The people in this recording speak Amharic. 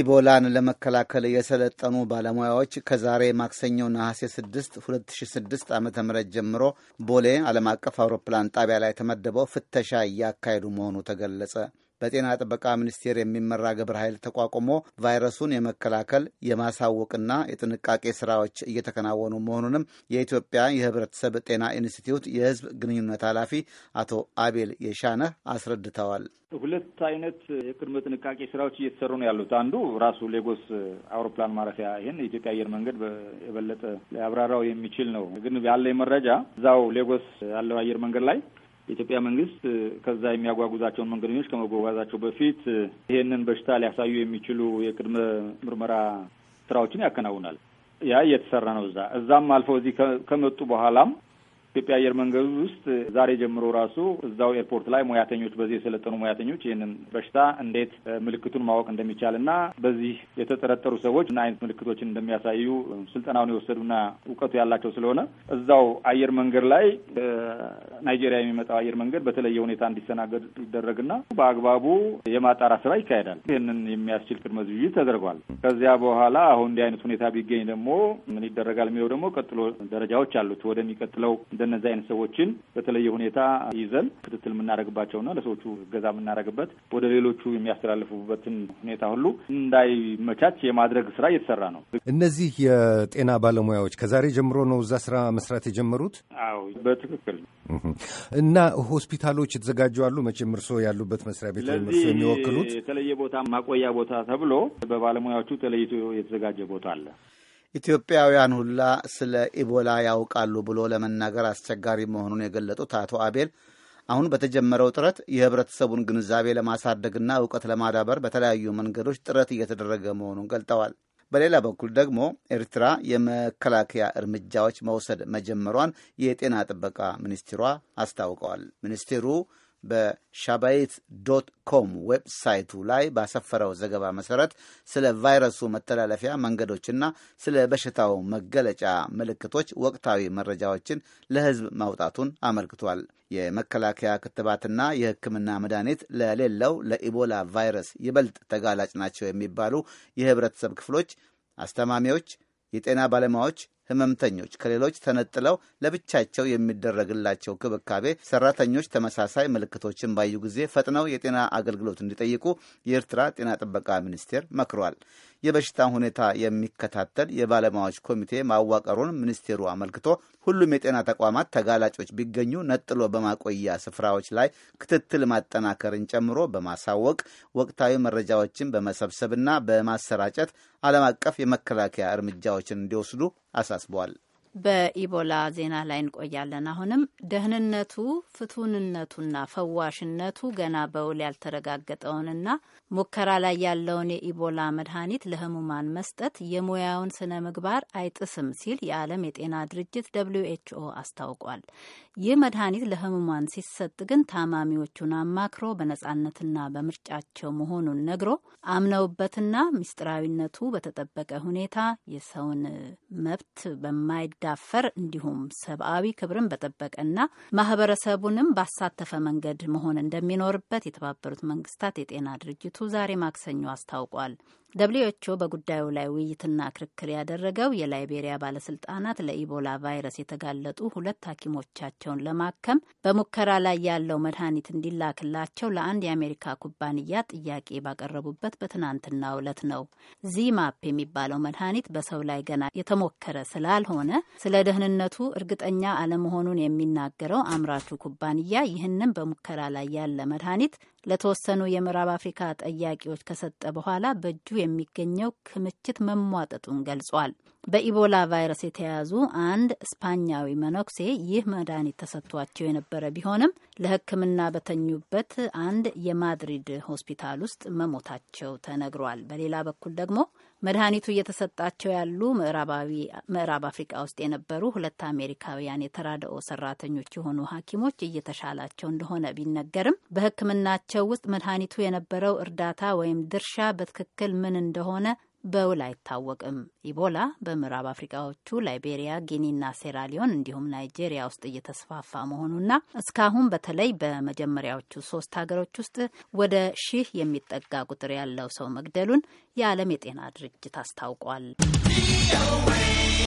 ኢቦላን ለመከላከል የሰለጠኑ ባለሙያዎች ከዛሬ ማክሰኞ ነሐሴ 6 2006 ዓ ም ጀምሮ ቦሌ ዓለም አቀፍ አውሮፕላን ጣቢያ ላይ ተመድበው ፍተሻ እያካሄዱ መሆኑ ተገለጸ። በጤና ጥበቃ ሚኒስቴር የሚመራ ግብረ ኃይል ተቋቁሞ ቫይረሱን የመከላከል የማሳወቅና የጥንቃቄ ስራዎች እየተከናወኑ መሆኑንም የኢትዮጵያ የህብረተሰብ ጤና ኢንስቲትዩት የህዝብ ግንኙነት ኃላፊ አቶ አቤል የሻነህ አስረድተዋል። ሁለት አይነት የቅድመ ጥንቃቄ ስራዎች እየተሰሩ ነው ያሉት። አንዱ ራሱ ሌጎስ አውሮፕላን ማረፊያ ይህን የኢትዮጵያ አየር መንገድ የበለጠ ሊያብራራው የሚችል ነው። ግን ያለኝ መረጃ እዛው ሌጎስ ያለው አየር መንገድ ላይ የኢትዮጵያ መንግስት ከዛ የሚያጓጉዛቸውን መንገደኞች ከመጓጓዛቸው በፊት ይሄንን በሽታ ሊያሳዩ የሚችሉ የቅድመ ምርመራ ስራዎችን ያከናውናል። ያ እየተሰራ ነው። እዛ እዛም አልፈው እዚህ ከመጡ በኋላም ኢትዮጵያ አየር መንገድ ውስጥ ዛሬ ጀምሮ ራሱ እዛው ኤርፖርት ላይ ሙያተኞች በዚህ የሰለጠኑ ሙያተኞች ይህንን በሽታ እንዴት ምልክቱን ማወቅ እንደሚቻል እና በዚህ የተጠረጠሩ ሰዎች እና አይነት ምልክቶችን እንደሚያሳዩ ስልጠናውን የወሰዱና እውቀቱ ያላቸው ስለሆነ እዛው አየር መንገድ ላይ ናይጄሪያ የሚመጣው አየር መንገድ በተለየ ሁኔታ እንዲሰናገድ ይደረግና በአግባቡ የማጣራ ስራ ይካሄዳል። ይህንን የሚያስችል ቅድመ ዝግጅት ተደርጓል። ከዚያ በኋላ አሁን እንዲህ አይነት ሁኔታ ቢገኝ ደግሞ ምን ይደረጋል የሚለው ደግሞ ቀጥሎ ደረጃዎች አሉት ወደሚቀጥለው እንደነዚህ አይነት ሰዎችን በተለየ ሁኔታ ይዘን ክትትል የምናደርግባቸውና ለሰዎቹ እገዛ የምናደርግበት ወደ ሌሎቹ የሚያስተላልፉበትን ሁኔታ ሁሉ እንዳይመቻች የማድረግ ስራ እየተሰራ ነው። እነዚህ የጤና ባለሙያዎች ከዛሬ ጀምሮ ነው እዛ ስራ መስራት የጀመሩት? አዎ በትክክል እና ሆስፒታሎች የተዘጋጁ አሉ። መቼም እርስዎ ያሉበት መስሪያ ቤት ወይም እርስዎ የሚወክሉት የተለየ ቦታ ማቆያ ቦታ ተብሎ በባለሙያዎቹ ተለይቶ የተዘጋጀ ቦታ አለ። ኢትዮጵያውያን ሁላ ስለ ኢቦላ ያውቃሉ ብሎ ለመናገር አስቸጋሪ መሆኑን የገለጡት አቶ አቤል አሁን በተጀመረው ጥረት የህብረተሰቡን ግንዛቤ ለማሳደግና እውቀት ለማዳበር በተለያዩ መንገዶች ጥረት እየተደረገ መሆኑን ገልጠዋል። በሌላ በኩል ደግሞ ኤርትራ የመከላከያ እርምጃዎች መውሰድ መጀመሯን የጤና ጥበቃ ሚኒስትሯ አስታውቀዋል። ሚኒስቴሩ በሻባይት ዶት ኮም ዌብሳይቱ ላይ ባሰፈረው ዘገባ መሰረት ስለ ቫይረሱ መተላለፊያ መንገዶችና ስለ በሽታው መገለጫ ምልክቶች ወቅታዊ መረጃዎችን ለሕዝብ ማውጣቱን አመልክቷል። የመከላከያ ክትባትና የሕክምና መድኃኒት ለሌለው ለኢቦላ ቫይረስ ይበልጥ ተጋላጭ ናቸው የሚባሉ የህብረተሰብ ክፍሎች አስተማሚዎች፣ የጤና ባለሙያዎች ህመምተኞች ከሌሎች ተነጥለው ለብቻቸው የሚደረግላቸው ክብካቤ ሰራተኞች ተመሳሳይ ምልክቶችን ባዩ ጊዜ ፈጥነው የጤና አገልግሎት እንዲጠይቁ የኤርትራ ጤና ጥበቃ ሚኒስቴር መክሯል። የበሽታ ሁኔታ የሚከታተል የባለሙያዎች ኮሚቴ ማዋቀሩን ሚኒስቴሩ አመልክቶ ሁሉም የጤና ተቋማት ተጋላጮች ቢገኙ ነጥሎ በማቆያ ስፍራዎች ላይ ክትትል ማጠናከርን ጨምሮ በማሳወቅ ወቅታዊ መረጃዎችን በመሰብሰብና በማሰራጨት ዓለም አቀፍ የመከላከያ እርምጃዎችን እንዲወስዱ አሳስበዋል። በኢቦላ ዜና ላይ እንቆያለን። አሁንም ደህንነቱ ፍቱንነቱና ፈዋሽነቱ ገና በውል ያልተረጋገጠውንና ሙከራ ላይ ያለውን የኢቦላ መድኃኒት ለህሙማን መስጠት የሙያውን ስነ ምግባር አይጥስም ሲል የዓለም የጤና ድርጅት ደብሊዩ ኤች ኦ አስታውቋል። ይህ መድኃኒት ለህሙማን ሲሰጥ ግን ታማሚዎቹን አማክሮ በነጻነትና በምርጫቸው መሆኑን ነግሮ አምነውበትና ምስጢራዊነቱ በተጠበቀ ሁኔታ የሰውን መብት በማይ በማይዳፈር እንዲሁም ሰብአዊ ክብርን በጠበቀና ማህበረሰቡንም ባሳተፈ መንገድ መሆን እንደሚኖርበት የተባበሩት መንግስታት የጤና ድርጅቱ ዛሬ ማክሰኞ አስታውቋል። ደብሊውኤችኦ በጉዳዩ ላይ ውይይትና ክርክር ያደረገው የላይቤሪያ ባለስልጣናት ለኢቦላ ቫይረስ የተጋለጡ ሁለት ሐኪሞቻቸውን ለማከም በሙከራ ላይ ያለው መድኃኒት እንዲላክላቸው ለአንድ የአሜሪካ ኩባንያ ጥያቄ ባቀረቡበት በትናንትና ዕለት ነው። ዚማፕ የሚባለው መድኃኒት በሰው ላይ ገና የተሞከረ ስላልሆነ ስለ ደህንነቱ እርግጠኛ አለመሆኑን የሚናገረው አምራቹ ኩባንያ ይህንም በሙከራ ላይ ያለ መድኃኒት ለተወሰኑ የምዕራብ አፍሪካ ጠያቂዎች ከሰጠ በኋላ በእጁ የሚገኘው ክምችት መሟጠጡን ገልጿል። በኢቦላ ቫይረስ የተያዙ አንድ ስፓኛዊ መነኩሴ ይህ መድኃኒት ተሰጥቷቸው የነበረ ቢሆንም ለሕክምና በተኙበት አንድ የማድሪድ ሆስፒታል ውስጥ መሞታቸው ተነግሯል። በሌላ በኩል ደግሞ መድኃኒቱ እየተሰጣቸው ያሉ ምዕራብ አፍሪቃ ውስጥ የነበሩ ሁለት አሜሪካውያን የተራድኦ ሰራተኞች የሆኑ ሐኪሞች እየተሻላቸው እንደሆነ ቢነገርም በሕክምናቸው ውስጥ መድኃኒቱ የነበረው እርዳታ ወይም ድርሻ በትክክል ምን እንደሆነ በውል አይታወቅም። ኢቦላ በምዕራብ አፍሪካዎቹ ላይቤሪያ፣ ጊኒና ሴራሊዮን እንዲሁም ናይጄሪያ ውስጥ እየተስፋፋ መሆኑና እስካሁን በተለይ በመጀመሪያዎቹ ሶስት ሀገሮች ውስጥ ወደ ሺህ የሚጠጋ ቁጥር ያለው ሰው መግደሉን የዓለም የጤና ድርጅት አስታውቋል።